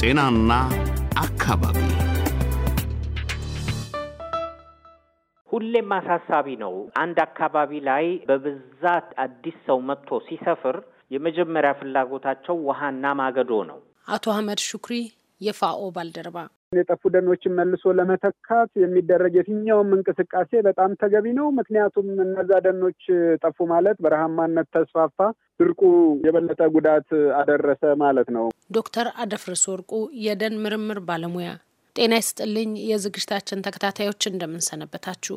ጤናና አካባቢ ሁሌም አሳሳቢ ነው። አንድ አካባቢ ላይ በብዛት አዲስ ሰው መጥቶ ሲሰፍር የመጀመሪያ ፍላጎታቸው ውሃና ማገዶ ነው። አቶ አህመድ ሹክሪ የፋኦ ባልደረባ የጠፉ ደኖችን መልሶ ለመተካት የሚደረግ የትኛውም እንቅስቃሴ በጣም ተገቢ ነው። ምክንያቱም እነዛ ደኖች ጠፉ ማለት በረሃማነት ተስፋፋ፣ ድርቁ የበለጠ ጉዳት አደረሰ ማለት ነው። ዶክተር አደፍርስ ወርቁ የደን ምርምር ባለሙያ ጤና ይስጥልኝ። የዝግጅታችን ተከታታዮች እንደምንሰነበታችሁ።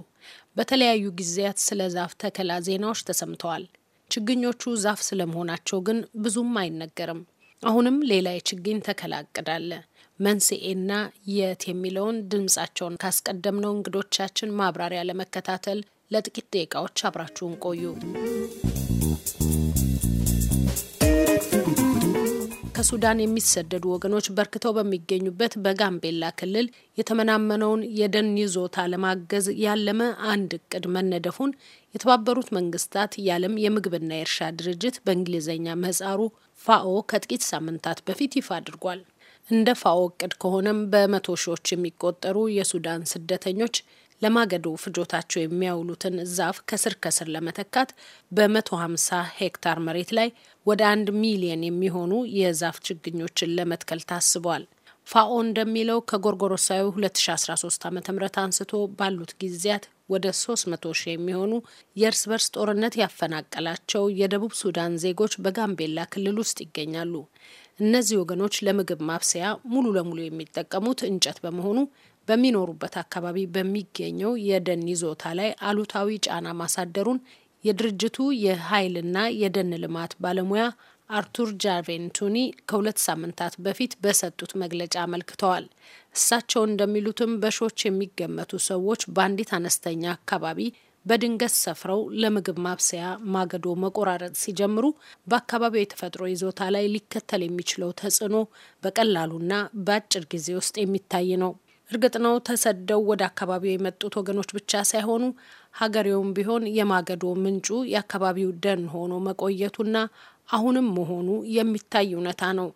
በተለያዩ ጊዜያት ስለ ዛፍ ተከላ ዜናዎች ተሰምተዋል። ችግኞቹ ዛፍ ስለመሆናቸው ግን ብዙም አይነገርም። አሁንም ሌላ የችግኝ ተከላ እቅድ አለ። መንስኤና የት የሚለውን ድምጻቸውን ካስቀደምነው እንግዶቻችን ማብራሪያ ለመከታተል ለጥቂት ደቂቃዎች አብራችሁን ቆዩ። ከሱዳን የሚሰደዱ ወገኖች በርክተው በሚገኙበት በጋምቤላ ክልል የተመናመነውን የደን ይዞታ ለማገዝ ያለመ አንድ እቅድ መነደፉን የተባበሩት መንግስታት የዓለም የምግብና የእርሻ ድርጅት በእንግሊዝኛ ምህጻሩ ፋኦ ከጥቂት ሳምንታት በፊት ይፋ አድርጓል። እንደ ፋኦ እቅድ ከሆነም በመቶ ሺዎች የሚቆጠሩ የሱዳን ስደተኞች ለማገዶ ፍጆታቸው የሚያውሉትን ዛፍ ከስር ከስር ለመተካት በ150 ሄክታር መሬት ላይ ወደ አንድ ሚሊየን የሚሆኑ የዛፍ ችግኞችን ለመትከል ታስቧል። ፋኦ እንደሚለው ከጎርጎሮሳዊ 2013 ዓ ም አንስቶ ባሉት ጊዜያት ወደ 300 ሺህ የሚሆኑ የእርስ በርስ ጦርነት ያፈናቀላቸው የደቡብ ሱዳን ዜጎች በጋምቤላ ክልል ውስጥ ይገኛሉ። እነዚህ ወገኖች ለምግብ ማብሰያ ሙሉ ለሙሉ የሚጠቀሙት እንጨት በመሆኑ በሚኖሩበት አካባቢ በሚገኘው የደን ይዞታ ላይ አሉታዊ ጫና ማሳደሩን የድርጅቱ የኃይልና የደን ልማት ባለሙያ አርቱር ጃቬንቱኒ ከሁለት ሳምንታት በፊት በሰጡት መግለጫ አመልክተዋል። እሳቸው እንደሚሉትም በሺዎች የሚገመቱ ሰዎች በአንዲት አነስተኛ አካባቢ በድንገት ሰፍረው ለምግብ ማብሰያ ማገዶ መቆራረጥ ሲጀምሩ በአካባቢው የተፈጥሮ ይዞታ ላይ ሊከተል የሚችለው ተጽዕኖ በቀላሉና በአጭር ጊዜ ውስጥ የሚታይ ነው። እርግጥ ነው ተሰደው ወደ አካባቢው የመጡት ወገኖች ብቻ ሳይሆኑ ሀገሬውም ቢሆን የማገዶ ምንጩ የአካባቢው ደን ሆኖ መቆየቱና አሁንም መሆኑ የሚታይ እውነታ ነው።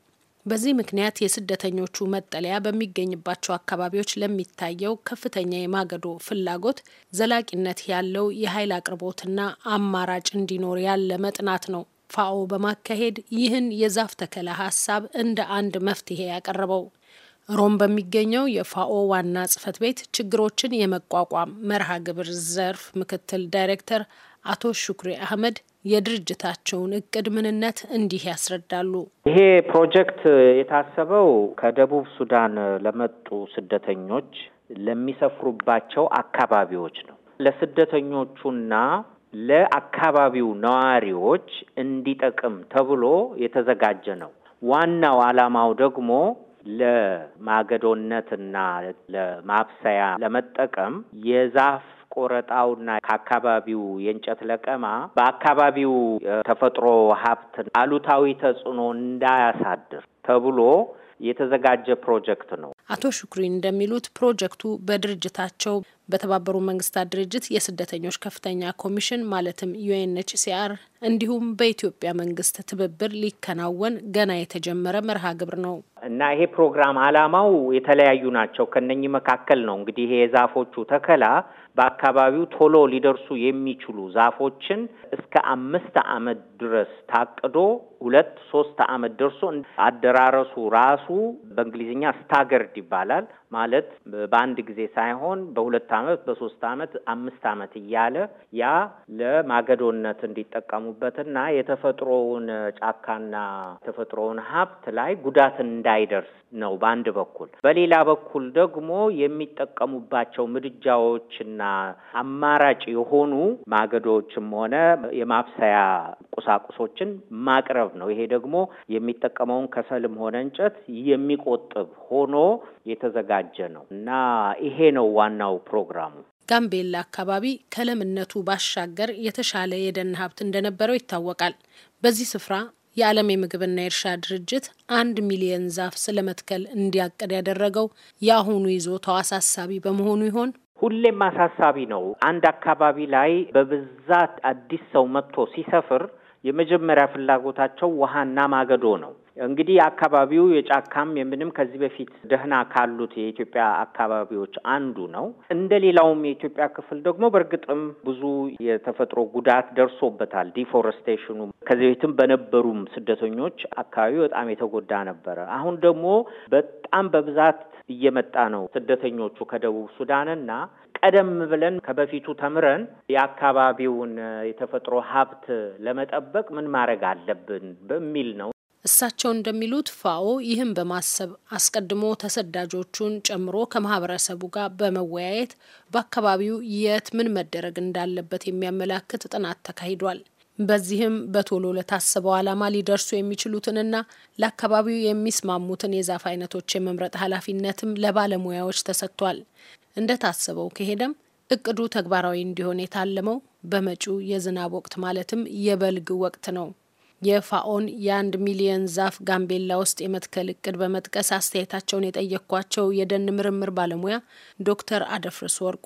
በዚህ ምክንያት የስደተኞቹ መጠለያ በሚገኝባቸው አካባቢዎች ለሚታየው ከፍተኛ የማገዶ ፍላጎት ዘላቂነት ያለው የኃይል አቅርቦትና አማራጭ እንዲኖር ያለ መጥናት ነው ፋኦ በማካሄድ ይህን የዛፍ ተከላ ሀሳብ እንደ አንድ መፍትሄ ያቀረበው። ሮም በሚገኘው የፋኦ ዋና ጽፈት ቤት ችግሮችን የመቋቋም መርሃ ግብር ዘርፍ ምክትል ዳይሬክተር አቶ ሹክሪ አህመድ የድርጅታቸውን እቅድ ምንነት እንዲህ ያስረዳሉ። ይሄ ፕሮጀክት የታሰበው ከደቡብ ሱዳን ለመጡ ስደተኞች ለሚሰፍሩባቸው አካባቢዎች ነው። ለስደተኞቹና ለአካባቢው ነዋሪዎች እንዲጠቅም ተብሎ የተዘጋጀ ነው። ዋናው ዓላማው ደግሞ ለማገዶነትና ለማብሰያ ለመጠቀም የዛፍ ቆረጣውና ከአካባቢው የእንጨት ለቀማ በአካባቢው ተፈጥሮ ሀብት አሉታዊ ተጽዕኖ እንዳያሳድር ተብሎ የተዘጋጀ ፕሮጀክት ነው። አቶ ሹክሪ እንደሚሉት ፕሮጀክቱ በድርጅታቸው በተባበሩ መንግስታት ድርጅት የስደተኞች ከፍተኛ ኮሚሽን ማለትም ዩኤንኤችሲአር እንዲሁም በኢትዮጵያ መንግስት ትብብር ሊከናወን ገና የተጀመረ መርሃ ግብር ነው እና ይሄ ፕሮግራም አላማው የተለያዩ ናቸው። ከነኚህ መካከል ነው እንግዲህ ይሄ የዛፎቹ ተከላ በአካባቢው ቶሎ ሊደርሱ የሚችሉ ዛፎችን እስከ አምስት ዓመት ድረስ ታቅዶ ሁለት ሶስት ዓመት ደርሶ አደራረሱ ራሱ በእንግሊዝኛ ስታገርድ ይባላል። ማለት በአንድ ጊዜ ሳይሆን በሁለት ዓመት በሶስት ዓመት አምስት ዓመት እያለ ያ ለማገዶነት እንዲጠቀሙበትና የተፈጥሮውን ጫካና የተፈጥሮውን ሀብት ላይ ጉዳት እንዳይደርስ ነው በአንድ በኩል። በሌላ በኩል ደግሞ የሚጠቀሙባቸው ምድጃዎችና አማራጭ የሆኑ ማገዶዎችም ሆነ የማብሰያ ቁሳቁሶችን ማቅረብ ነው። ይሄ ደግሞ የሚጠቀመውን ከሰልም ሆነ እንጨት የሚቆጥብ ሆኖ የተዘጋጀ ነው እና ይሄ ነው ዋናው ፕሮግራሙ። ጋምቤላ አካባቢ ከለምነቱ ባሻገር የተሻለ የደን ሀብት እንደነበረው ይታወቃል። በዚህ ስፍራ የዓለም የምግብና የእርሻ ድርጅት አንድ ሚሊየን ዛፍ ስለመትከል እንዲያቀድ ያደረገው የአሁኑ ይዞታው አሳሳቢ በመሆኑ ይሆን? ሁሌም አሳሳቢ ነው። አንድ አካባቢ ላይ በብዛት አዲስ ሰው መጥቶ ሲሰፍር የመጀመሪያ ፍላጎታቸው ውሃና ማገዶ ነው። እንግዲህ አካባቢው የጫካም የምንም ከዚህ በፊት ደህና ካሉት የኢትዮጵያ አካባቢዎች አንዱ ነው። እንደ ሌላውም የኢትዮጵያ ክፍል ደግሞ በእርግጥም ብዙ የተፈጥሮ ጉዳት ደርሶበታል። ዲፎረስቴሽኑ ከዚህ በፊትም በነበሩም ስደተኞች አካባቢው በጣም የተጎዳ ነበረ። አሁን ደግሞ በጣም በብዛት እየመጣ ነው። ስደተኞቹ ከደቡብ ሱዳንና ቀደም ብለን ከበፊቱ ተምረን የአካባቢውን የተፈጥሮ ሀብት ለመጠበቅ ምን ማድረግ አለብን በሚል ነው። እሳቸው እንደሚሉት ፋኦ ይህን በማሰብ አስቀድሞ ተሰዳጆቹን ጨምሮ ከማህበረሰቡ ጋር በመወያየት በአካባቢው የት ምን መደረግ እንዳለበት የሚያመላክት ጥናት ተካሂዷል። በዚህም በቶሎ ለታሰበው ዓላማ ሊደርሱ የሚችሉትንና ለአካባቢው የሚስማሙትን የዛፍ አይነቶች የመምረጥ ኃላፊነትም ለባለሙያዎች ተሰጥቷል። እንደታሰበው ከሄደም እቅዱ ተግባራዊ እንዲሆን የታለመው በመጪው የዝናብ ወቅት ማለትም የበልግ ወቅት ነው። የፋኦን የአንድ ሚሊየን ዛፍ ጋምቤላ ውስጥ የመትከል እቅድ በመጥቀስ አስተያየታቸውን የጠየኳቸው የደን ምርምር ባለሙያ ዶክተር አደፍርስ ወርቁ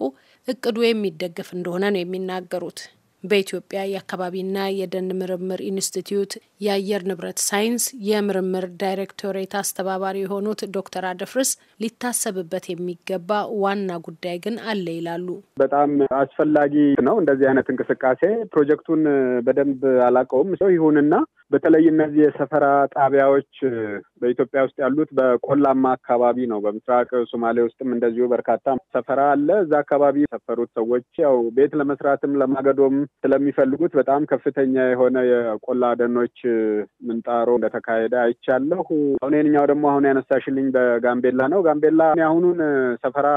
እቅዱ የሚደገፍ እንደሆነ ነው የሚናገሩት። በኢትዮጵያ የአካባቢና የደን ምርምር ኢንስቲትዩት የአየር ንብረት ሳይንስ የምርምር ዳይሬክቶሬት አስተባባሪ የሆኑት ዶክተር አደፍርስ ሊታሰብበት የሚገባ ዋና ጉዳይ ግን አለ ይላሉ። በጣም አስፈላጊ ነው እንደዚህ አይነት እንቅስቃሴ። ፕሮጀክቱን በደንብ አላውቀውም ሰው ይሁንና በተለይ እነዚህ የሰፈራ ጣቢያዎች በኢትዮጵያ ውስጥ ያሉት በቆላማ አካባቢ ነው። በምስራቅ ሶማሌ ውስጥም እንደዚሁ በርካታ ሰፈራ አለ። እዛ አካባቢ የሰፈሩት ሰዎች ያው ቤት ለመስራትም ለማገዶም ስለሚፈልጉት በጣም ከፍተኛ የሆነ የቆላ ደኖች ምንጣሮ እንደተካሄደ አይቻለሁ። አሁን ይህንኛው ደግሞ አሁን ያነሳሽልኝ በጋምቤላ ነው። ጋምቤላ አሁኑን ሰፈራ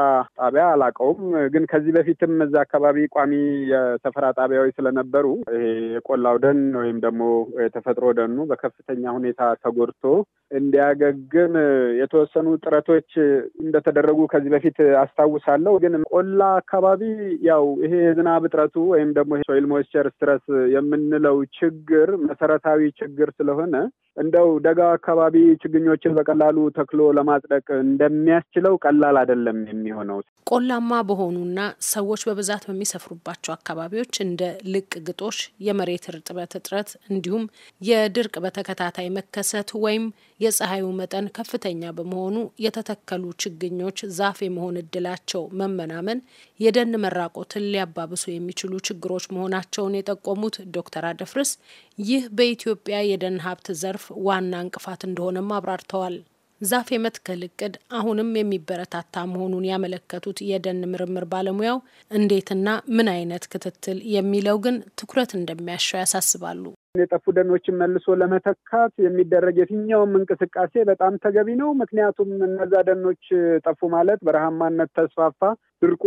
ጣቢያ አላውቀውም፣ ግን ከዚህ በፊትም እዛ አካባቢ ቋሚ የሰፈራ ጣቢያዎች ስለነበሩ ይሄ የቆላው ደን ወይም ደግሞ የተፈጥሮ ተፈጥሮ ደኑ በከፍተኛ ሁኔታ ተጎድቶ እንዲያገግም የተወሰኑ ጥረቶች እንደተደረጉ ከዚህ በፊት አስታውሳለሁ። ግን ቆላ አካባቢ ያው ይሄ የዝናብ እጥረቱ ወይም ደግሞ ሶይል ሞይስቸር ስትረስ የምንለው ችግር መሰረታዊ ችግር ስለሆነ እንደው ደጋ አካባቢ ችግኞችን በቀላሉ ተክሎ ለማጽደቅ እንደሚያስችለው ቀላል አይደለም የሚሆነው። ቆላማ በሆኑና ሰዎች በብዛት በሚሰፍሩባቸው አካባቢዎች እንደ ልቅ ግጦሽ፣ የመሬት እርጥበት እጥረት እንዲሁም የድርቅ በተከታታይ መከሰት ወይም የፀሐዩ መጠን ከፍተኛ በመሆኑ የተተከሉ ችግኞች ዛፍ የመሆን እድላቸው መመናመን የደን መራቆትን ሊያባብሱ የሚችሉ ችግሮች መሆናቸውን የጠቆሙት ዶክተር አደፍርስ ይህ በኢትዮጵያ የደን ሀብት ዘርፍ ዋና እንቅፋት እንደሆነም አብራርተዋል። ዛፍ የመትከል እቅድ አሁንም የሚበረታታ መሆኑን ያመለከቱት የደን ምርምር ባለሙያው እንዴትና ምን አይነት ክትትል የሚለው ግን ትኩረት እንደሚያሻው ያሳስባሉ። የጠፉ ደኖችን መልሶ ለመተካት የሚደረግ የትኛውም እንቅስቃሴ በጣም ተገቢ ነው። ምክንያቱም እነዛ ደኖች ጠፉ ማለት በረሃማነት ተስፋፋ፣ ድርቁ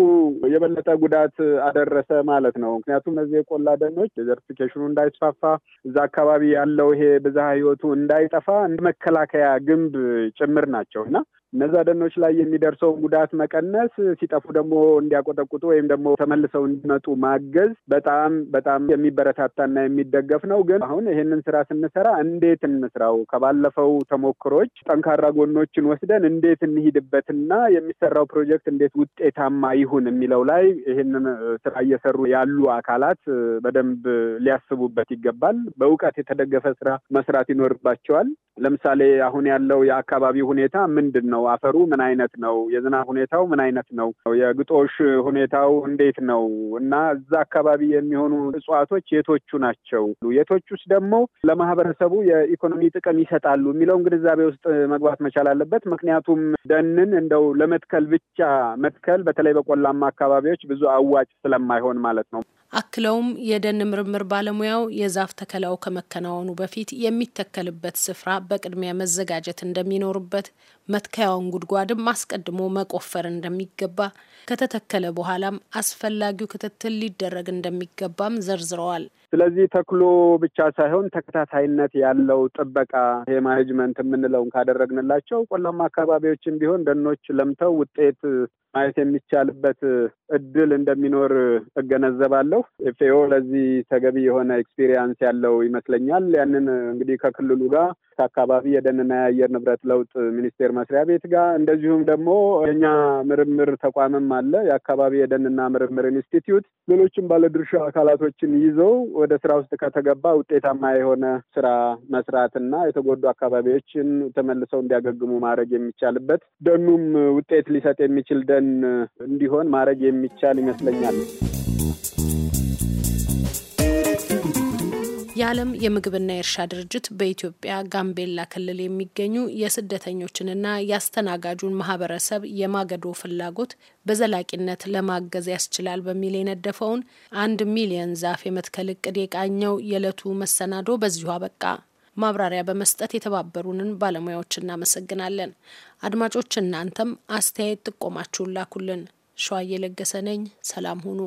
የበለጠ ጉዳት አደረሰ ማለት ነው። ምክንያቱም እነዚህ የቆላ ደኖች ዴዘርቲፊኬሽኑ እንዳይስፋፋ፣ እዛ አካባቢ ያለው ይሄ ብዝሃ ህይወቱ እንዳይጠፋ መከላከያ ግንብ ጭምር ናቸው እና እነዛ ደኖች ላይ የሚደርሰው ጉዳት መቀነስ፣ ሲጠፉ ደግሞ እንዲያቆጠቁጡ ወይም ደግሞ ተመልሰው እንዲመጡ ማገዝ በጣም በጣም የሚበረታታና የሚደገፍ ነው። ግን አሁን ይሄንን ስራ ስንሰራ እንዴት እንስራው? ከባለፈው ተሞክሮች ጠንካራ ጎኖችን ወስደን እንዴት እንሂድበትና የሚሰራው ፕሮጀክት እንዴት ውጤታማ ይሁን የሚለው ላይ ይህንን ስራ እየሰሩ ያሉ አካላት በደንብ ሊያስቡበት ይገባል። በእውቀት የተደገፈ ስራ መስራት ይኖርባቸዋል። ለምሳሌ አሁን ያለው የአካባቢ ሁኔታ ምንድን ነው? አፈሩ ምን አይነት ነው? የዝናብ ሁኔታው ምን አይነት ነው? የግጦሽ ሁኔታው እንዴት ነው? እና እዛ አካባቢ የሚሆኑ እጽዋቶች የቶቹ ናቸው? የቶቹስ ደግሞ ለማህበረሰቡ የኢኮኖሚ ጥቅም ይሰጣሉ የሚለውን ግንዛቤ ውስጥ መግባት መቻል አለበት። ምክንያቱም ደንን እንደው ለመትከል ብቻ መትከል በተለይ በቆላማ አካባቢዎች ብዙ አዋጭ ስለማይሆን ማለት ነው። አክለውም የደን ምርምር ባለሙያው የዛፍ ተከላው ከመከናወኑ በፊት የሚተከልበት ስፍራ በቅድሚያ መዘጋጀት እንደሚኖርበት መትከያውን ጉድጓድም አስቀድሞ መቆፈር እንደሚገባ ከተተከለ በኋላም አስፈላጊው ክትትል ሊደረግ እንደሚገባም ዘርዝረዋል። ስለዚህ ተክሎ ብቻ ሳይሆን ተከታታይነት ያለው ጥበቃ ይሄ ማኔጅመንት የምንለውን ካደረግንላቸው ቆላማ አካባቢዎችን ቢሆን ደኖች ለምተው ውጤት ማየት የሚቻልበት እድል እንደሚኖር እገነዘባለሁ። ኤፍኤኦ ለዚህ ተገቢ የሆነ ኤክስፒሪየንስ ያለው ይመስለኛል። ያንን እንግዲህ ከክልሉ ጋር ከአካባቢ የደንና የአየር ንብረት ለውጥ ሚኒስቴር መስሪያ ቤት ጋር እንደዚሁም ደግሞ የኛ ምርምር ተቋምም አለ የአካባቢ የደንና ምርምር ኢንስቲትዩት፣ ሌሎችም ባለድርሻ አካላቶችን ይዘው ወደ ስራ ውስጥ ከተገባ ውጤታማ የሆነ ስራ መስራት እና የተጎዱ አካባቢዎችን ተመልሰው እንዲያገግሙ ማድረግ የሚቻልበት ደኑም ውጤት ሊሰጥ የሚችል ደን እንዲሆን ማድረግ የሚቻል ይመስለኛል። የዓለም የምግብና የእርሻ ድርጅት በኢትዮጵያ ጋምቤላ ክልል የሚገኙ የስደተኞችንና የአስተናጋጁን ማህበረሰብ የማገዶ ፍላጎት በዘላቂነት ለማገዝ ያስችላል በሚል የነደፈውን አንድ ሚሊየን ዛፍ የመትከል እቅድ የቃኘው የዕለቱ መሰናዶ በዚሁ አበቃ። ማብራሪያ በመስጠት የተባበሩንን ባለሙያዎች እናመሰግናለን። አድማጮች እናንተም አስተያየት ጥቆማችሁን ላኩልን። ሸዋዬ ለገሰ ነኝ። ሰላም ሁኑ።